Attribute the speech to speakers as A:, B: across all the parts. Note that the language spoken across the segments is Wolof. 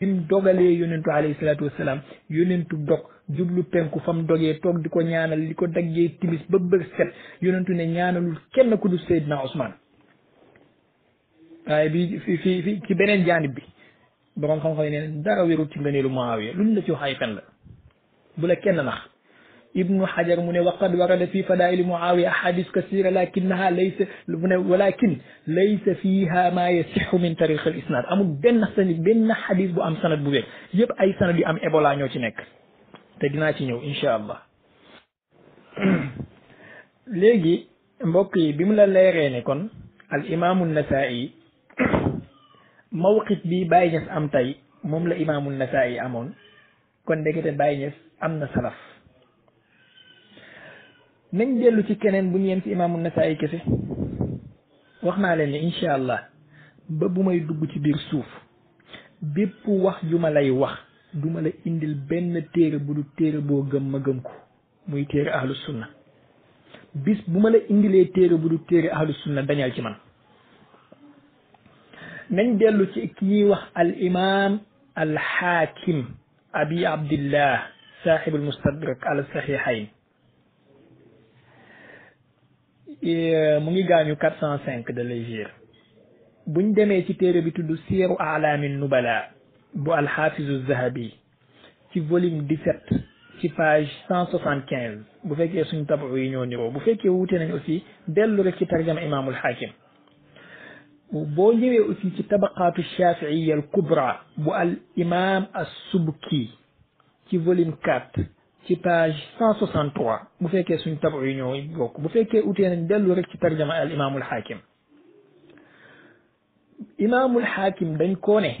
A: bim dogalee yonentu alayhi salaatu wasalaam yonentu dog jublu penku fam dogee toog di ko ñaanal li ko daggee timis ba bëgg set yonentu ne ñaanalul kenn ku du Seydina Ousmane waaye bi fi fi fi ci beneen jaanib bi boroom xam-xam yi dara wérul ci ngëneelu Muawiya luñ la ci wax ay fen la bu la kenn nax ibnu hajar mu ne waqad warada fi fadaili muawiya ahadis kasira lakinaha laysa mu ne walakin laysa fiha ma yasixu min tariq al isnad amul benn sanad benn xadis bu am sanad bu wér yëpp ay sanad yu am ebola ñoo ci nekk te dinaa ci ñëw incha allah léegi mbokk yi bi mu la leeree ne kon al imaamu nasaa'i mawqit bi Baye Niass am tey moom la imaamu nasaa'i amoon kon ndekete Baye am na salaf nañ dellu ci keneen bu ñu yem ci imaamu Nasaayi kese wax naa leen ni incha allah ba bu may dugg ci biir suuf bépp wax ju ma lay wax du ma la indil benn téere bu du téere boo gëm ma gëm ko muy téere ahlu sunna bis bu ma la indilee téere bu du téere ahlu sunna dañal ci man nañ dellu ci ki ñuy wax al imaam al xaakim abi abdillah saaxibul mustadrak al saxiixayn Euh, mu ngi gaañu quatre cent cinq de l'hégire buñ demee ci téere bi tudd siiru alaamin nubala bu alxaafizu zahabi ci volume 17 ci page cent soixante quinze bu fekkee suñ tabaxu yi ñoo niroo bu fekkee wuute nañ aussi dellu rek ci tarjama imaamul xaakim boo ñëwee aussi ci tabaqaatu shafiiya al kubra bu al imam as subki ci ci page 163 bu fekke suñ tabax yi ñoo bokk bu fekkee utee nañ dellu rek ci tarjama al imaamul xaakim imaamul xaakim dañ koo ne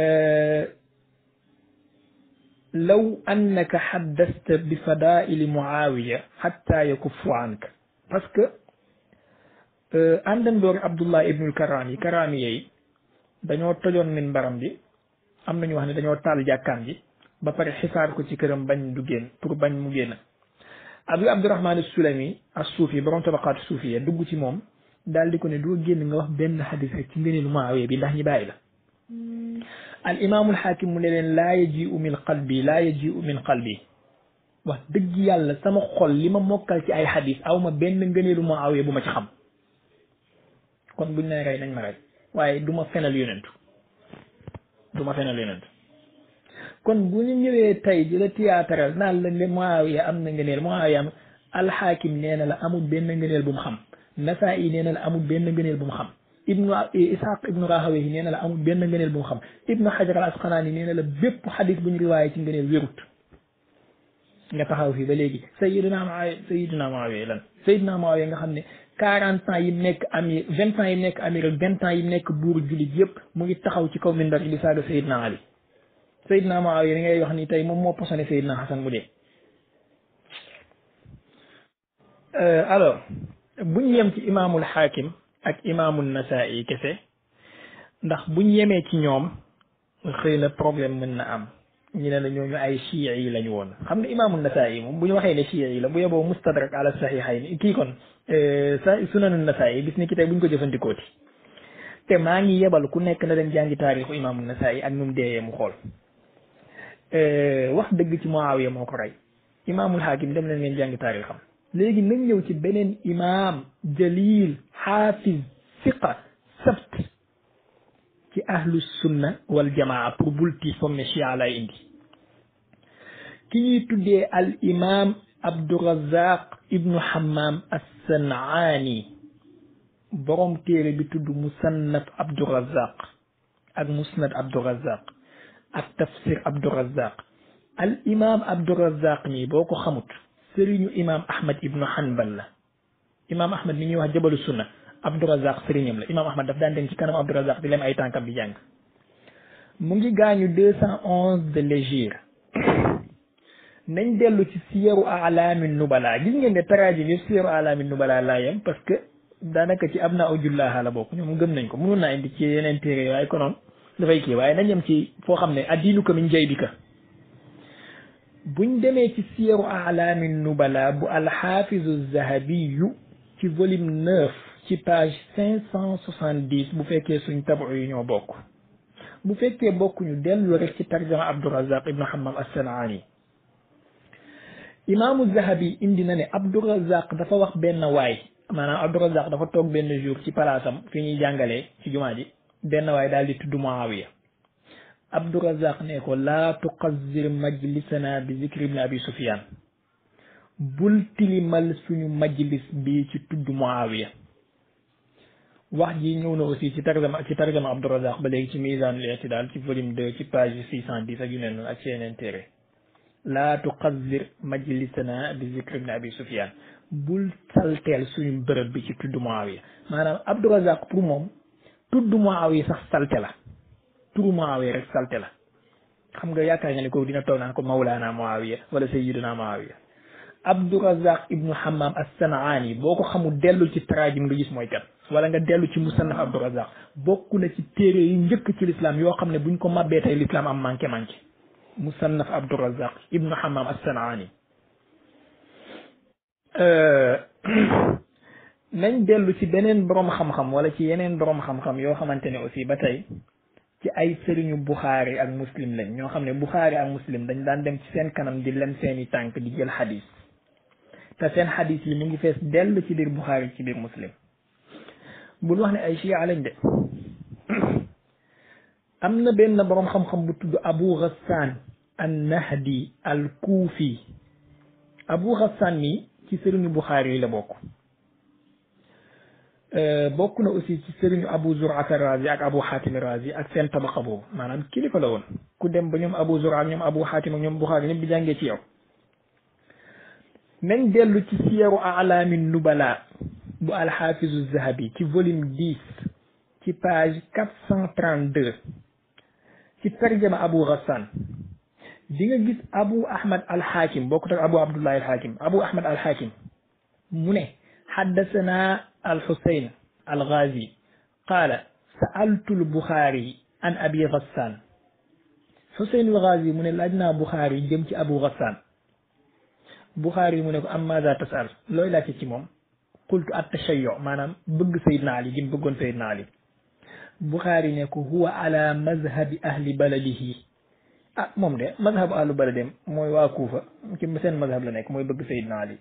A: euh, law annaka xaddasta bi fadaili muawiya xatta yakuffu anka parce que euh, àndandoori abdullah ibnul karaami karaami yeey dañoo tojoon min mbaram bi am nañu wax ne dañoo taal jàkkaan bi ba pare xisaar ko ci këram bañ du génn pour bañ mu génn Abu Abdurahmaan Sulami as-Suufi borom tabaqaat suufiya dugg ci moom daal di ko ne doo génn nga wax benn xadis rek ci ngëneelu Muawiya bi ndax ñi bàyyi la al imaamul xaakim mu ne leen laa yajiu min qalbi laa yajiu min qalbi wax dëgg yàlla sama xol li ma mokkal ci ay xadis aw ma benn ngëneelu aw bu ma ci xam kon buñ ne ray nañ ma rey waaye du ma fenal yonentu du ma kon bu ñu ñëwee tey di la théâtral naan la ne Muawiya am na ngëneel Muawiya am alxaakim nee na la amul benn ngëneel bu mu xam Nasaa'i nee na la amul benn ngëneel bu mu xam ibnu Isaaq ibnu Rahawayhi nee na la amul benn ngëneel bu mu xam ibnu Hajar al Asqalaani nee na la bépp xadis bu ñu riwaayee ci ngëneel wérut nga taxaw fii ba léegi Sayyidina Muawiya Sayyidina Muawiya lan Sayyidina Muawiya nga xam ne quarante ans yi nekk ami vingt ans yi nekk Amir ak vingt ans yi nekk buur jullit yëpp mu ngi taxaw ci kaw minbar bi di saaga Sayyidina Ali Seydina yi ni ngay wax ni tey moom moo posone Seydina Xasan mu dee euh, alors buñ yem ci imaamul xaakim ak imaamul nasaa'i kese ndax buñ yemee ci ñoom xëy na problème mën na am ñu ne la ñooñu ay shii yi lañu woon xam nga imaamul nasaa'i moom bu ñu waxee ne shii yi la bu yeboo mustadrak ala saxiixayn kii kon euh, sa sunanul yi bis ni ki tey buñ ko jëfandikooti te maa ngi yebal ku nekk na dem jàngi taarixu imaamul yi ak nu mu mu xool Eh, wax dëgg ci Muawiya moo ko rey imaamul hakim dem leen ngeen jàngi taarixam léegi nañ ñëw ci beneen imaam jalil xaafiz siqa sabt ci ahlu sunna wal jamaa bul ti somme chia lay indi ki ñuy tuddee al imaam abdurazaq ibnu hammam assanaani borom téere bi tudd musannaf abdurazaq ak musnad abdurazaq ak tafsir Abdourazaq al imaam Abdourazaq nii boo ko xamut sëriñu imaam Ahmad ibnu Hanbal la imaam Ahmad mi ñuy wax jabalu sunna Abdourazaq sëriñam la imaam Ahmad daf daan dem ci kanam Abdourazaq di lem ay tànkam bi jàng mu ngi gaañu deux cent onze de l'hégire nañ dellu ci siyaru alaami nubala gis ngeen ne taraaji bi siyaru alaami nubala laa yem parce que daanaka ci am naa ujullaaha la bokk ñoom gëm nañ ko mënoon naa indi ci yeneen téere yooyu ay konoon dafay kii waaye nañ yem ci foo xam ne addiinu ko min jay bi ka buñ demee ci siiru nu nubala bu alxaafizu zahabiyu ci volume neuf ci page cinq cent soixante dix bu fekkee suñ tabu yu ñoo bokk bu fekkee bokkuñu dellu rek ci tarjama abdurazaq ibnu hammam assanaani imaamu zahabi indi na ne abdurazaq dafa wax benn waay maanaam abdurazaq dafa toog benn jour ci palaasam fi ñuy jàngalee ci jumaa ji benn waaye daal di tudd Muawiya Abdurazaq ne ko laa tuqazzir majlisana bi zikri ibn abi Sufyan bul tilimal suñu majlis bi ci tudd Muawiya wax ji ñëw na aussi ci tarjama ci tarjama Abdurazaq ba léegi ci misanul i'tidal ci volume 2 ci page 610 ak yu ne noonu ak ci yeneen téere laa tuqazzir majlisana bi zikri ibn abi Sufyan bul salteel suñu bërëb bi ci tudd Muawiya maanaam Abdurazaq pour moom tudd Muawiya sax salte la turu Muawiya rek salte la xam nga yaakaar nga ne kooku dina toog naan ko Mawlaana Muawiya wala Sayyiduna Muawiya Abdurazaq ibnu Hammam as-San'aani boo ko xamul dellu ci tarajim nga gis mooy kat wala nga dellu ci musannaf Abdurazaq bokku na ci téere yi njëkk ci l'islam yoo xam ne buñ ko màbbee tey l'islam am manqué manqué musannaf Abdurazaq ibnu Hammam as-San'aani euh, nañ dellu ci beneen boroom xam-xam wala ci yeneen borom xam-xam yoo xamante ne aussi ba tey ci ay sëriñu buxaari ak muslim lañ ñoo xam ne buxaari ak muslim dañ daan dem ci seen kanam di lem seeni tànk di jël xadis te seen xadis yi mu ngi fees dellu ci biir buxaari ci biir muslim bul wax ne ay chia lañ de am na benn borom xam-xam bu tudd Abu Ghassan an-Nahdi al-Kufi Abu Ghassan mi ci sëriñu buxaari yi la bokk. Euh, bokk na aussi ci sëriñu Abu Zur'a Razi ak Abu Hatim Razi ak seen tabaqa boobu maanaam kilifa la woon ku dem ba ñoom Abu Zur'a ñoom Abu Hatim ak ñoom Buxaari ñëpp di jàngee ci yow. nañ dellu ci siyaru alaami nubala bu alxaafizu zahabi ci volume 10 ci page 432 ci tarjama Abu Ghassan di nga gis Abu Ahmad alxaakim bokkut ak Abu Abdullahi alxaakim Abu Ahmad alxaakim mu ne xaddasana الحسين الغازي قال سألت البخاري عن أبي غسان حسين الغازي من الأدنى بخاري جمت أبو غسان بخاري من أم ماذا تسأل لو لا تتمم قلت التشيع مانام بق سيدنا علي جم بقون سيدنا علي بخاري نكو هو على مذهب أهل بلده أه مم ده مذهب أهل بلدهم موي واكوفة كم سين مذهب لنك موي بق سيدنا علي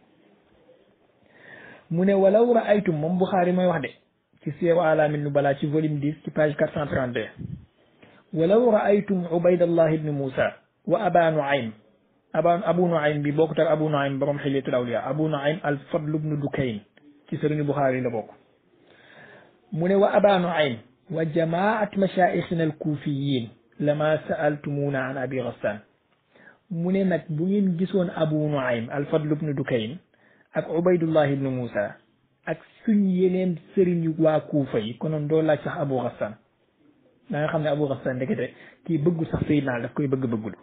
A: mu ne walaw raaytum moom Buxaari mooy wax de ci seewu alaamin nu balaa ci volume 10 ci page 432 walaw raaytum ubaydallah ibni moussa wa aba nuaym aba abu nuaym bi bokkut ak abu nuaym borom xilyatul awliya abu nuaym al fadl ibnu dukayn ci sëriñu Buxaari la bokk mu ne wa aba nuaym wa jamaat mashaayixina al kuufiyin lama saaltumuna an abi gassan mu ne nag bu ngeen gisoon abu nuaym al fadl ibnu dukayn ak ubaydullah ibnu Moussa ak suñ yeneen sëriñu waa Kuufa yi konoon doo laaj sax Abu Ghassan da nga xam ne Abu Ghassan ndekete kii bëggu sax Seydina daf koy bëgg bëggul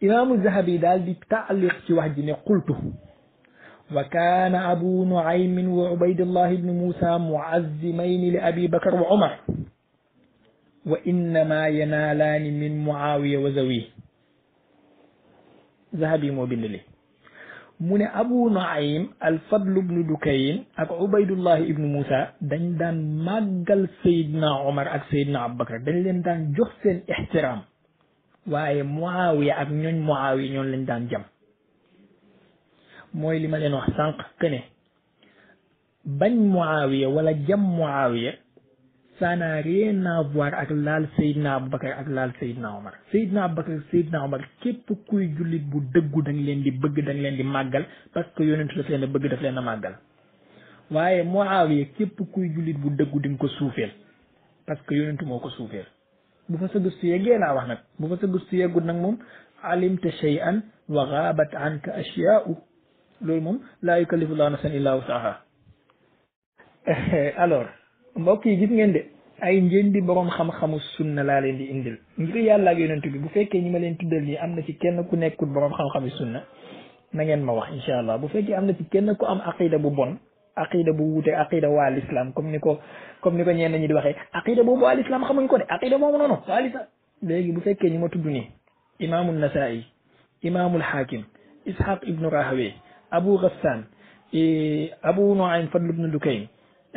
A: imaamu Zahabi daal di taaliq ci wax ji ne qultu wa kaana abu nuaymin wa ubaydullah ibnu Moussa muazzimayni li abi bakar wa omar wa innama yanaalaani min muawiya wa zawi Zahabi moo bind li mu ne abu nuaym al fadl ibnu dukayn ak ubaydullah ibnu moussa dañ daan magal sayidna omar ak sayidna abubakar dañ leen daan jox seen ixtiraam waaye muawiya ak ñooñ muawiya ñoon lañ daan jam mooy li ma leen wax sànq que ne bañ muawiya wala jam muawiya ça n'a rien à voir ak laal Seydina Aboubacar ak laal Seydina Omar Seydina Aboubacar Seydina Omar képp kuy jullit bu dëggu da nga leen di bëgg da nga leen di màggal parce que yonentu daf leen a bëgg daf leen a màggal waaye Muawiya képp kuy jullit bu dëggu di nga ko suufeel parce que yonentu moo ko suufeel bu fa sa gëstu yeggee laa wax nag bu fa sa gëstu yeggul nag moom alimta shay'an wa gaabat anka ashya'u loolu moom laa yukallifu llahu nafsan illa wusaha alors mbokk yi gis ngeen de ay njëñ di boroom xam-xamu sunna laa leen di indil ngir yàlla ak yonent bi bu fekkee ñi ma leen tuddal nii am na ci kenn ku nekkul boroom xam-xami sunna na ngeen ma wax incha allah bu fekkee am na ci kenn ku am aqida bu bon aqida bu wuute aqida waa l'islam comme ni ko comme ni ko ñenn ñi di waxee aqida boobu waa l'islam xamuñ ko de aqida moomu noonu waa l'islam léegi bu fekkee ñi ma tudd nii imaamul nasai imaamul hakim ishaq ibnu rahawee abu ghassan eh, abu nuaym fadl ibnu dukaym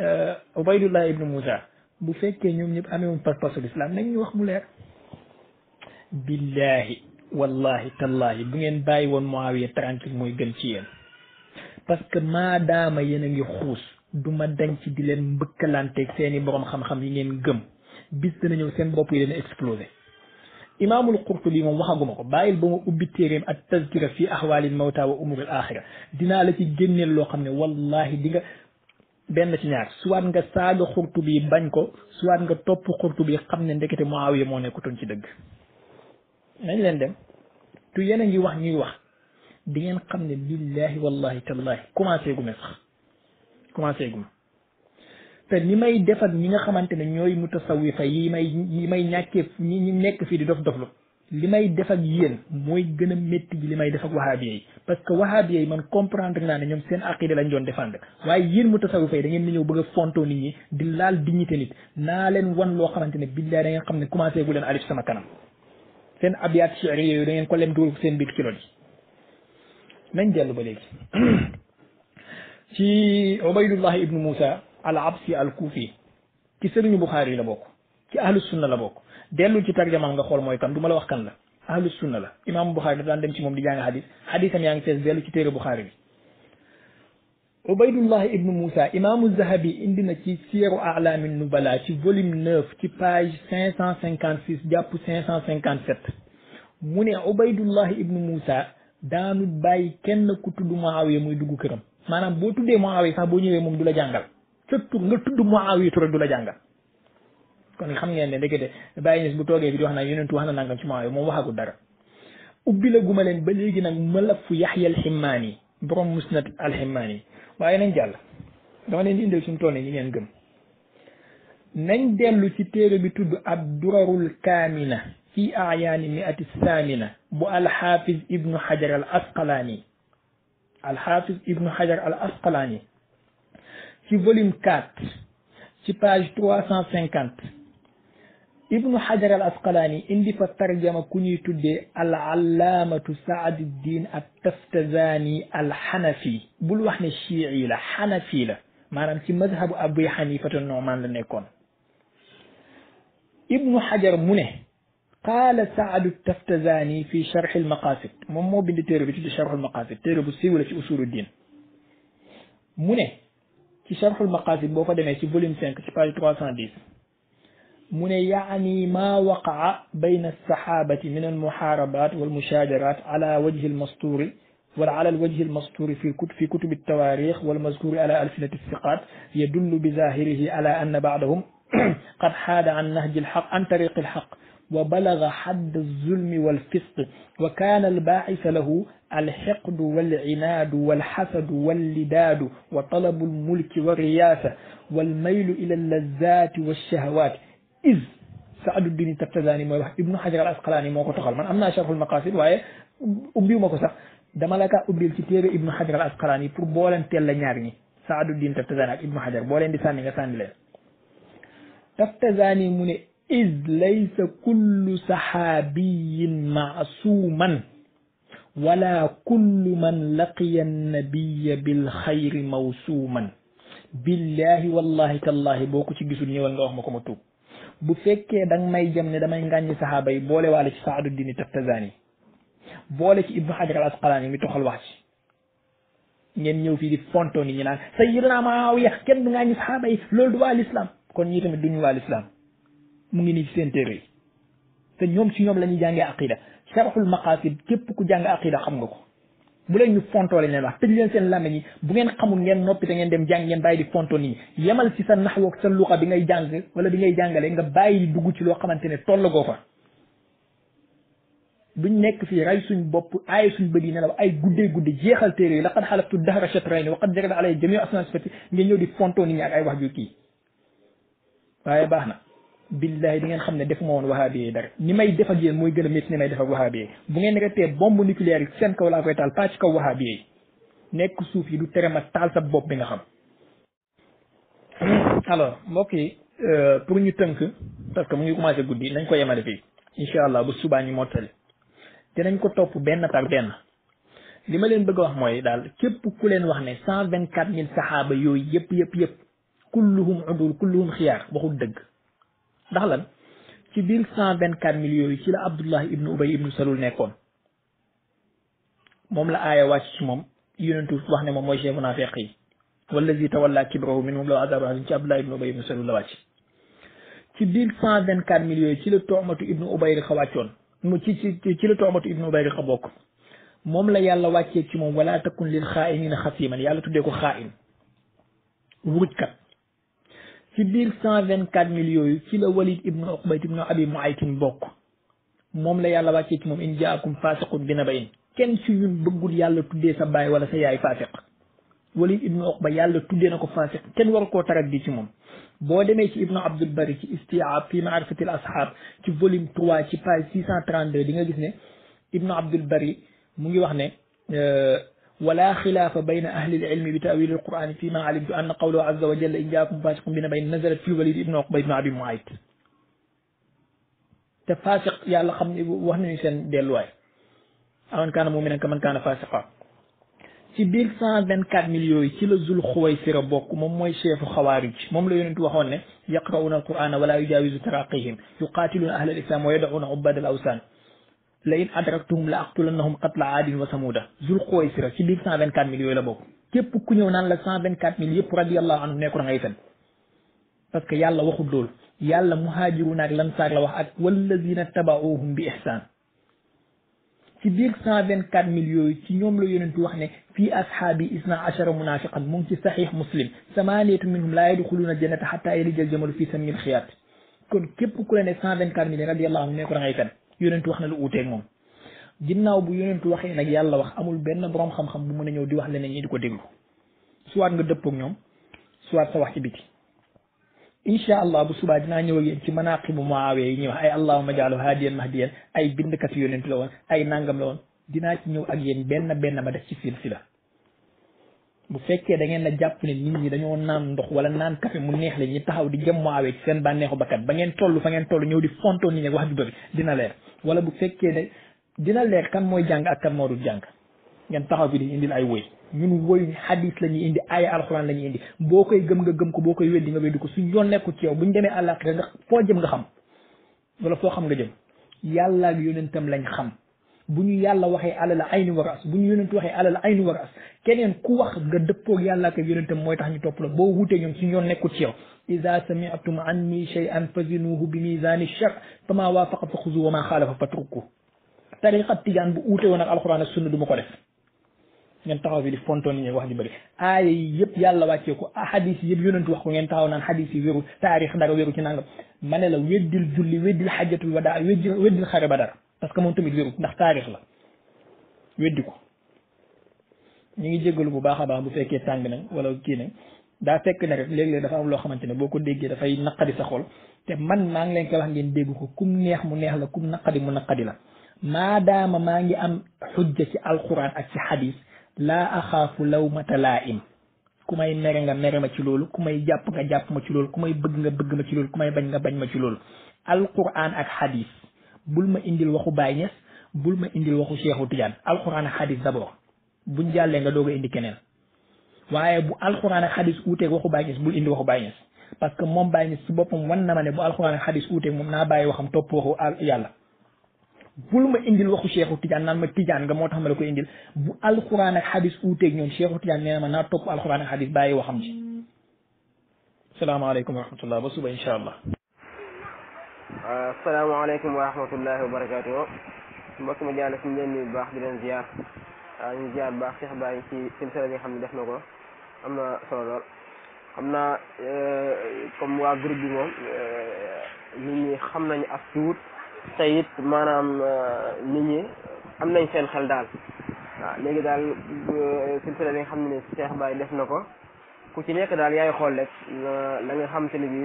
A: Euh, Ubaydullah ibnu Moussa bu fekkee ñoom ñëpp ameewuñ pas-pasu lislaam nañ wax mu leer billahi wallahi tallahi bu ngeen bàyyi woon Muawiya tranquille mooy gën ci yéen parce que daama yéen a ngi xuus du ma dañ ci di leen mbëkkalanteeg seen i borom xam-xam yi ngeen gëm bis dana ñëw seen bopp yi dana explosé imaamul qurtubi moom waxaguma ko bàyyil ba ma ubbi téeréem ak tazkira fi ahwalil mawta wa umuril axira dinaa la ci génneel loo xam ne wallahi di benn ci ñaar soit nga saaga xurtu bi bañ ko soit nga topp xurtu bi xam ne ndekete Muawiya moo nekkutoon ci dëgg nañ leen dem tout yéen a ngi wax ñuy wax di ngeen xam ne billahi wallahi tallahi commencé gu ma sax commencé gu ma te ni may defar ñi nga xamante ne ñooy mutasawifa yi may yi may ñàkkee ñi nekk fii di dof doflu li may def ak yéen mooy gën a métti ji li may def ak wahabiya yi parce que wahabiya yi man comprendre naa ne ñoom seen aqida lañ doon défendre waaye yéen mu tasawuf yi da ngeen di ñëw bëgg a fontoo nit di laal dignité nit naa leen wan loo xamante ne billaay da ngeen xam ne commencé gu leen alif sama kanam seen abyaat shi'ri yooyu da ngeen ko lem dugal seen biir kilo ji nañ dellu ba léegi ci Ubaydullah ibnu Moussa al absi al kuufi ci sëriñu Buxaari la bokk ci ahlu sunna la bokk dellu ci tarjamaam nga xool mooy kan duma la wax kan la ahlu sunna la imaamu Buxaari daan dem ci moom di jàng xadis xadisam yaa ngi fees dellu ci téere Buxaari bi Ubaydullah ibnu Moussa imaamu Zahabi indi na ci Siyaru A'laami Nubala ci volume 9 ci page 556 jàpp 557 mu ne Ubaydullah ibnu Moussa daanu bàyyi kenn ku tudd Muawiya muy dugg këram maanaam boo tuddee Muawiya sax boo ñëwee moom du la jàngal sa tur nga tudd Muawiya rek du la jàngal. kon xam ngeen ne ndekete bàyyi bu toogee bi di wax naan yonentu wax na nangam ci maayo moom waxagul dara ubbi la guma leen ba léegi nag malafu yaxya alximaani borom musnad alximaani waaye nañ jàll dama leen di indil suñu tool yi ngeen gëm nañ dellu ci téere bi tudd ab durarul kaamina fi ayaani miati saamina bu alxaafiz ibnu xajar al asqalaani alxaafiz ibnu xajar al asqalaani ci volume 4 ci page 350 ibnu xajar al asqalaani indi fa tarjama ku ñuy tuddee al allaamatu saaduddin al taftazaani al xanafi bul wax ne chii la xanafi la maanaam ci madhabu abi xanifata noomaan la nekkoon ibnu xajar mu ne qaala saadu taftazaani fi charxi almaqasid moom moo bind téere bi tudd charxu almaqasid téere bu siiw la ci usulu diin mu ne ci charxu almaqasid boo fa demee ci volume cinq ci page trois cent dix mu ne yaani maa waqaa bayna alsahabati min almuharabat walmushaajarat ala wajhi almasturi wala ala alwajhi almasturi fi kut fi kutubi altawarix walmazkuri ala alsinati alsiqat yadullu bizahirihi ala anna baadahum qad xaada an nahji alxaq an tariqi alxaq wa balaga xadda alzulmi walfisq wa kaana albaacisa lahu alxiqdu walcinaadu walxasadu wallidaadu wa talabu almulki walriyaasa walmaylu ila allazaati walshahawaat is Sa'duddin Taftazani mooy wax Ibnu Hajar moo ko toxal man am naa Sharhul Maqasid waaye ubbiwu ma ko sax dama la kaa ubbil ci téere Ibnu Hajar al Asqalani pour boo leen teel la ñaar ñi Sa'duddin Taftazani ak Ibnu Hajar boo leen di sànni nga sànni leen mu ne is laysa kullu saxaabiyin maasuman wala kullu man laqiya annabiya bil xayri mawsuuman billahi wallahi tallahi ko ci gisul ñëwal nga wax ma ko ma tuub bu fekkee da nga may jëm ne damay ngàññi saxaaba yi boole waale ci saadu dini taftazani boole ci ibnu xajar al asqalaani mi toxal wax ci ngeen ñëw fii di fonto ni ñu naan sayyidina Muawiya kenn du ngàññi saxaaba yi loolu du waa lislaam kon ñii tamit duñu waa lislaam mu ngi nii ci seen téere yi te ñoom ci ñoom la ñuy jàngee aqida sharxul maqasid képp ku jàng aqida xam nga ko bu leen ñu fontoo lañ leen wax tëj leen seen làmmiñ yi bu ngeen xamul ngeen noppi te ngeen dem jàng ngeen bàyyi di fonto nit ñi yemal ci sa naxwoog sa luqa bi ngay jàng wala bi ngay jàngale nga bàyyi di dugg ci loo xamante ne tollagoo fa duñ nekk fii ray suñ bopp aay suñ bët yi nelaw ay guddee guddee jeexal téere yi la laqad xalaftu dahra shatrayni waqad jarada alay jamiu asnaan sifati ngeen ñëw di fonto nit ñi ak ay wax ju kii waaye baax na billahi di ngeen xam ne def ma woon wahabi yi dara ni may def ak yéen mooy gën a métti ni may def ak wahabi yi bu ngeen retee bombe nucléaire yi seen kaw laa koy taal pas ci kaw wahabi yi nekk suuf yi du tere ma taal sa bopp bi nga xam alors mbokk yi euh, pour ñu tënk parce que mu ngi commencé guddi nañ ko yemale fii incha allah bu subaa ñu mottali nañ ko topp benn par benn li ma leen bëgg a wax mooy daal képp ku leen wax ne cent vingt quatre mille saxaaba yooyu yëpp yëpp yëpp kulluhum udul kulluhum xiyaar dëgg ndax lan ci biir cent vingt quatre mille yooyu ci la Abdullah ibnu Ubay ibnu Salul nekkoon moom la aaya wàcc ci moom yonentu wax ne moom mooy chef munaafiq yi wallazi tawalla kibrahu min moom la azab rahim ci Abdullah ibnu Ubay ibnu Salul la wàcc ci biir cent vingt quatre mille yooyu ci la toomatu ibnu Ubay rek a wàccoon ci ci ci la toomatu ibnu a bokk moom la yàlla wàccee ci moom wala takun lil xaa'inina xasiman yàlla tuddee ko xaa'in wurujkat ci biir cent vingt quatre mille yooyu ci la walid ibnu uqbat ibnu abi muaytin bokk moom la yàlla wàccee ci moom in jaakum faasiqun bi nabain kenn ci ñun bëggul yàlla tuddee sa baay wala sa yaay faasiq walid ibnu uqba yàlla tuddee na ko faasiq kenn waru koo tarat bi ci moom boo demee ci ibnu abdul bari ci istiab fi maarifati al ashab ci volume 3 ci page 632 di nga gis ne ibnu abdul bari mu ngi wax ne euh, ولا خلاف بين أهل العلم بتأويل القرآن فيما علمت أن قوله عز وجل إن جاءكم فاسق بنبأ نزلت في وليد بن عقبة بن أبي معيط te faasiq yàlla xam ne wax nañu seen delluwaay aman kaana mu'minan kaman kaana faasiqa ci biir cent vingt quatre mille yooyu ci la zul xuwaysira bokk moom mooy chefu xawaarij moom la yonent waxoon ne yaqra'uuna alqur'ana wala yujaawizu taraqihim yuqaatiluuna ahla al islam wa yad'uuna ubbaad al awsaan la in adraktuhum la aqtulannahum qatla aadin wa samuda zul xuwaysira ci biir cent vingt quatre mille yooyu la bokk képp ku ñëw naan la cent vingt quatre mille yëpp radiallahu anhu nekku da ngay fen parce que yàlla waxul loolu yàlla muhaajiruun ak lansaar la wax ak wallazina tabaouhum bi ihsaan ci biir cent vingt quatre mille yooyu ci ñoom la yonentu wax ne fii ashaabi isna achara munafiqan mu ngi ci saxiix muslim samaaniyatu minhum laa yadxuluuna aljannata xatta yalija aljamalu fi sammi alxiyaat kon képp ku la ne cent vingt quatre mille radiallahu anhu nekku da ngay fen yonent wax na lu uuteeg moom ginnaaw bu yonent waxee nag yàlla wax amul benn borom xam-xam bu mën a ñëw di wax leneen ñi di ko déglu soit nga dëppoog ñoom soit sa wax ci biti incha allah bu subaa dinaa ñëw ak yéen ci manaqibu muawiya yi ñuy wax ay allahuma jaalu hadiyan mahdiyan ay bindkat yonent la woon ay nangam la woon dinaa ci ñëw ak yéen benn benn ba def ci silsila bu fekkee da ngeen a jàpp ne nit ñi dañoo naan ndox wala naan café mu neex la ñi taxaw di jëm waawee ci seen bànneexu ba bakkat ba ngeen toll fa ngeen toll ñëw di fonto nit ñi wax juba bi dina leer wala bu fekkee ne dina leer kan mooy jàng ak kan moo dul jàng ngeen taxaw fi di indil ay woy ñun woyu xadis la ñuy indi aaya alxuraan la ñuy indi boo koy gëm nga gëm ko boo koy weddi nga weddi ko suñ yoon nekku ci yow buñ demee àllaaxira nga foo jëm nga xam wala foo xam nga jëm yàlla ak yonentam lañ xam bu ñu yàlla waxee alal ayni wa ras bu ñu yonent waxee alal ayni wa ras keneen ku wax nga dëppoog yàlla ak yonentam mooy tax ñu topp la boo wutee ñoom suñu yoon nekkul ci yow ida sami'tum anni shay'an fazinuhu bi mizani shar fa maa waafaqa fa xuzu wa maa xaalafa fa truku tariqa tijaan bu uute woon ak alxuraan ak sunna ma ko def taxaw fi di fonton ni wax ji bëri aaya yëpp yàlla wàccee ko hadis yi yëpp yonent wax ko ngeen taxaw naan hadis yi wéru taarix dara wéru ci nangam ma ne la weddil julli weddil xajjatul wadaa weddil xare ba dara parce que moom tamit wérut ndax taarix la weddi ko ñu ngi jéggalu bu baax a baax bu fekkee tàng na wala kii na daa fekk ne rek léeg-léeg dafa am loo xamante ne boo ko déggee dafay naqadi sa xol te man maa ngi leen koy wax ngeen dégg ko kum neex mu neex la kum naqadi mu naqadi la maadaama maa ngi am xujja ci alxuraan ak ci xadis laa axaafu lawmata laa im ku may mere nga mere ma ci loolu ku may jàpp nga jàpp ma ci loolu ku may bëgg nga bëgg ma ci loolu ku may bañ nga bañ ma ci loolu alquran ak xadis bul ma indil waxu Baye Niass bul ma indil waxu Cheikhou Tidiane alxuraan ak xadis d'abord buñ jàllee nga doog a indi keneen waaye bu alxuraan ak xadis uuteeg waxu Baye Niass bul indi waxu Baye Niass parce que moom Baye Niass si boppam wan na ma ne bu alxuraan ak xadis uuteeg naa bàyyi waxam topp waxu yàlla bul ma indil waxu Cheikhou Tidiane naan ma Tidiane nga moo tax ma la koy indil bu alxuraan ak xadis uuteeg ñoom Cheikhou Tidiane nee na ma naa topp alxuraan ak xadis bàyyi waxam ci salaamaaleykum wa rahmatullah ba suba incha allah
B: asalaamaaleykum wa rahmatullahi wa barakaatu mbokk ma jàll si ñu leen bu baax di leen ziar ah, ñu ziar baax Cheikh Baye ci silsila bi nga xam ne def na ko am na solo xam naa euh, comme waa groupe bi moom euh, nit ñi xam nañu as tuut te it maanaam euh, nit ñi am nañ seen xel daal waaw ah, léegi daal silsila bi nga xam ne Cheikh baay def na ko ku ci nekk daal yaay xool rek la nga xam te ne bi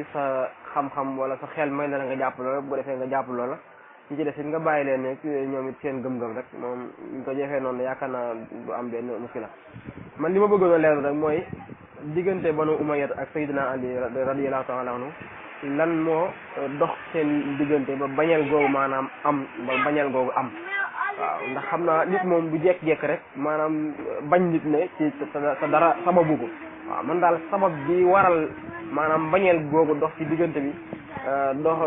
B: xam-xam wala sa xel may na la nga jàpp loola bu ko defee nga jàpp loola ñi ci des it nga bàyyi leen ne ñoom it seen gëm-gëm rek moom ñu ko jefee noonu yaakaar naa du am benn muskila man li ma bëggoon a leer rek mooy diggante banu umayyad ak lan moo dox seen diggante ba bañal googu maanaam am ba bañal googu am waaw ndax xam naa nit moom bu jekk-jekk rek maanaam bañ nit ne ci sa dara sababu ko waaw man daal sabab bi waral maanaam mbañeel googu dox ci diggante bi euh, dox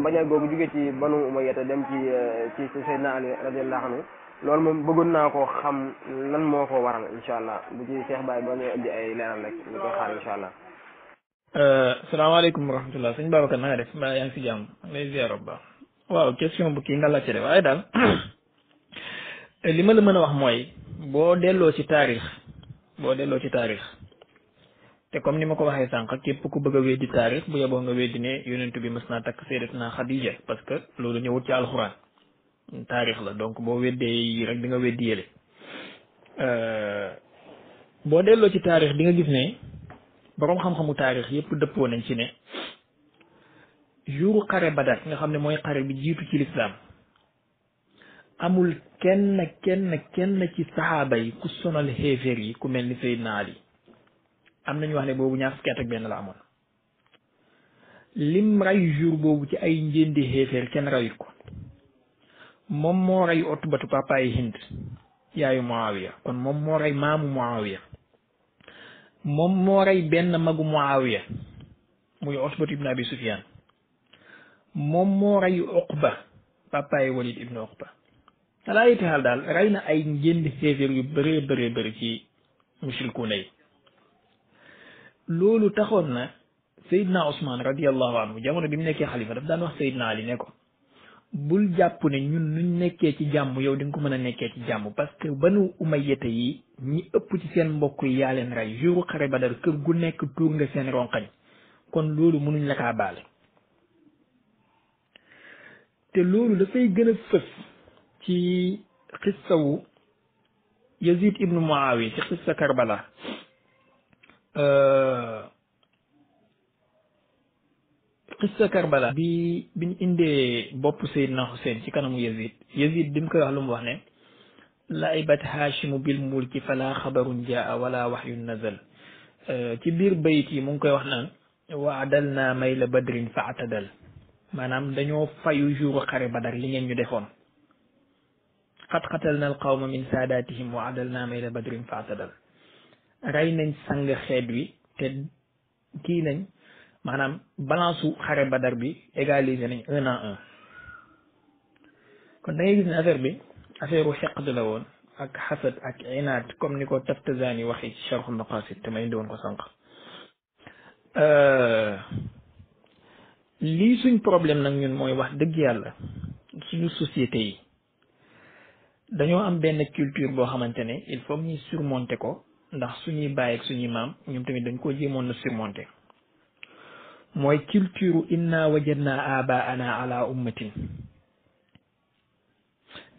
B: mbañeel googu jóge ci banu umayya te dem ci euh, ci ci Seydina Ali radiyallahu anhu loolu moom bëggoon naa koo xam lan moo ko waral incha allah bu ci Cheikh Baye ba ñu indi ay leeral rek ñu koy xaar incha allah.
A: Euh, salaamaaleykum wa rahmatulah sëñ Babacar na nga def mbaa yaa si jàmm lay ziar bu baax waaw question bu kii nga laajte de waaye daal li ma la mën a wax mooy boo delloo ci taarix boo delloo ci taarix. te comme ni ma ko waxee sànq képp ku bëgg a weddi taarix bu yeboo nga weddi ne yonent bi mës naa takk Sayyidatuna Xadija parce que loolu ñëwut ci alxuraan taarix la donc boo weddee yi rek di nga weddi yële euh, boo delloo ci taarix di nga gis ne boroom xam-xamu taarix yépp dëppoo nañ ci ne jouru xare Badar nga xam ne mooy xare bi jiitu ci lislaam amul kenn kenn kenn ci saxaaba yi ku sonal xeefeer yi ku mel ni Seydina yi am nañu wax ne boobu ñaar fukki ak benn la amoon lim rayu jour boobu ci ay njëndi xéeféer kenn rayut ko moom moo rayu otbatu papaay hind yaayu muawiya kon moom moo rey maamu muawiya moom moo rey benn magu muawiya muy otbatu ibn abi sufiyaan daal rey na ay njëndi xéeféer yu bëree bëree bëri ci mushrikuuna yi loolu taxoon na Seydina Ousmane radiallahu anhu jamono bi mu nekkee xalifa daf daan wax Seydina Ali ne ko bul jàpp ne ñun nuñ nekkee ci jàmm yow di ko mën a nekkee ci jàmm parce ba nu umayyate yi ñi ëpp ci seen mbokk yi yaa leen rey jouru xare Badar kër gu nekk tuur nga seen ronqañ kon loolu mënuñ la kaa baale te loolu dafay gën a fës ci xissawu Yazid ibnu Muawiya ci xissa Karbala xissa euh, Karbala bi bi ñu indee bopp Seydina Hussein ci kanamu Yazid Yazid bi mu koy wax lu mu wax ne laibat haashimu bil mulki fala xabarun jaa wala waxyun nazal euh, ci biir bayit yi mu ngi koy wax naan waadal naa may la badrin fa atadal maanaam dañoo fayu jour xare badar li ngeen ñu defoon xat xatal na al qawma min saadatihim waadal naa may la badrin fa atadal rey nañ sang xeet wi te kii nañ maanaam balance su xare badar bi égaliser nañ un à un kon da gis ne affaire bi affaire u xeqatu la woon ak xasad ak inaat comme ni ko Taftazani waxee ci charxu maqasid te may indiwoon ko sànq euh, lii suñ problème nag ñun mooy wax dëgg yàlla suñu société yi dañoo am benn culture boo xamante ne il faut ñuy surmonter ko ndax suñuy bàyyi ak suñuy maam ñoom tamit dañ koo jéemoon na surmonter mooy culture inna wajadna abaana ala ummatin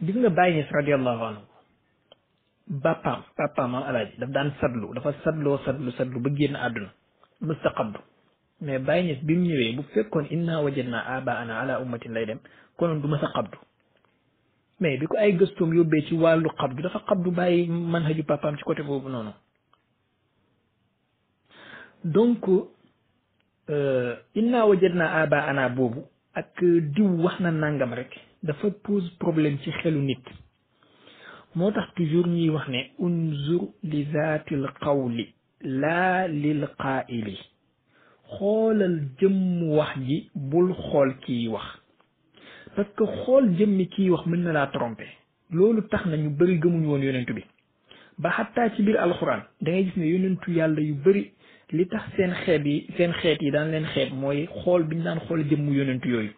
A: gis nga Baye Niass radiallahu anhu bàppaam bàppaam maam alaaji daf daan sadlu dafa sadloo sadlu sadlu ba génn àdduna mësta xabdu mais Baye Niass bi mu ñëwee bu fekkoon inna wajadna abaana ala ummatin lay dem konoon du mësa xabdu mais bi ko ay gëstoom yóbbee ci wàllu xabdu dafa xabdu bàyyi manhaju papaam ci côté boobu noonu donc euh, inna wajadna aba ana boobu ak diw wax na nangam rek dafa pose problème ci xelu nit moo tax toujours ñuy wax ne unzur li zaatil qawli laa lil qaa'ili xoolal jëmm wax ji bul xool kiy wax parce que xool mi kiy wax mën na laa tromper loolu tax na ñu bëri gëmuñu woon yonentu bi ba xattaa ci biir alxuraan da gis ne yonentu yàlla yu bëri li tax seen xeet yi seen xeet daan leen xeet mooy xool biñ daan xool jëmm yonent yooyu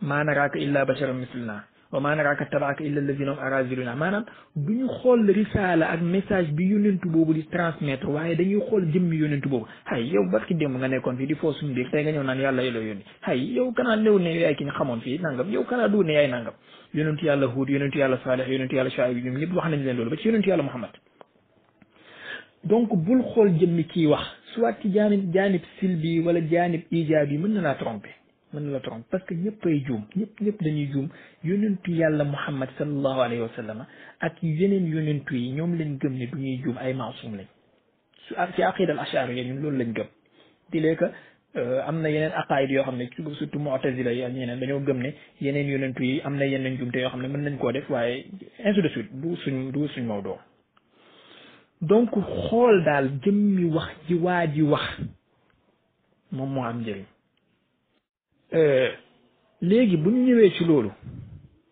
A: maa naraaka illa basharan misluna wa maa tabaaka illa alladina hum araziluna maanaam du ñu xool risaala ak message bi yonent boobu di transmettre waaye dañuy xool jëmmi yonent boobu hay yow barki démb nga nekkoon fii di foo suñu biir tey nga ñëw naan yàlla yeloo yónni hay yow kanaa néew ne yaay ki ñu xamoon fii nangam yow kanaa du ne yaay nangam yonentu donc bul xool jëmmi kii wax soit ci jaanib jaanib silbi wala jaanib ijaab yi mën na laa tromper mën na la tromper parce que ñëpp ay juum ñëpp ñëpp dañuy juum yonentu yàlla muhammad sallallahu alayhi wa sallam ak yeneen yonentu yi ñoom lañ gëm ne du ñuy juum ay maasum lañ su ci aqida al ashari ñun loolu lañ gëm di léegi euh, am na yeneen aqaayid yoo xam ne surtout mu'tazila yi ak ñeneen dañoo gëm ne yeneen yonentu yi am na yeneen juumte yoo xam ne mën nañ koo def waaye ainsi de suite du suñ du donc xool daal jëmmi wax ji waa ji wax moom moo am njëriñ euh, léegi bu ñu ñëwee ci loolu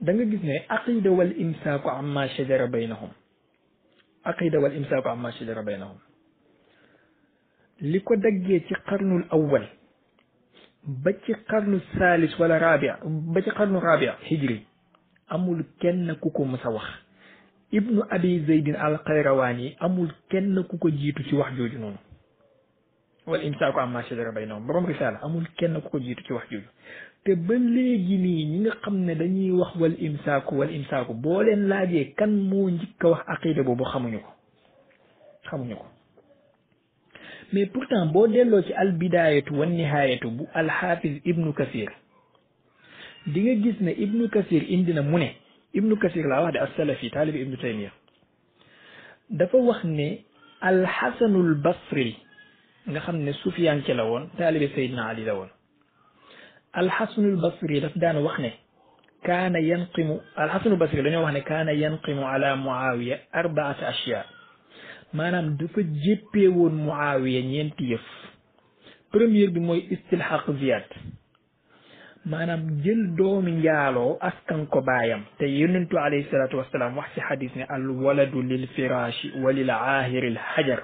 A: danga gis ne aqida wal imsaaku amma shajara baynahum aqida wal imsaaku amma shajara baynahum li ko daggee ci qarnul awwal ba ci qarnu saalis wala rabia ba ci qarnu rabia hijri amul kenn ku ko mës a wax ibnu abi zeydin al yi amul kenn ku ko jiitu ci wax jooju noonu wala imsaaku amma shajara baynahum borom risaala amul kenn ku ko jiitu ci wax jooju te ba léegi nii ñi nga xam ne dañuy wax wal imsaaku wal imsaaku boo leen laajee kan moo njëkk wax aqida boobu xamuñu ko xamuñu ko mais pourtant boo delloo ci al bidaayatu wan nihaayatu bu al xaafiz ibnu kasir di nga gis ne ibnu kasir indi na mu ne ibnu kasir laa wax de as-salafi taalibi ibnu taymiya dafa wax ne alxasanul basri nga xam ne sufiyanke la woon taalibi saydna ali la woon alxasanul basri daf daan wax ne kaana yanqimu alxasanul basri dañoo wax ne kaana yanqimu ala muawiya arbaata ashyaa maanaam dafa jéppee woon muawiya ñeenti yëf première bi mooy istilxaq ziyaad maanaam jël doomi njaaloo askan ko baayam te yonentu alayhi salaatu wasalaam wax ci xadis ne lil firaashi wa lil aahiril hajar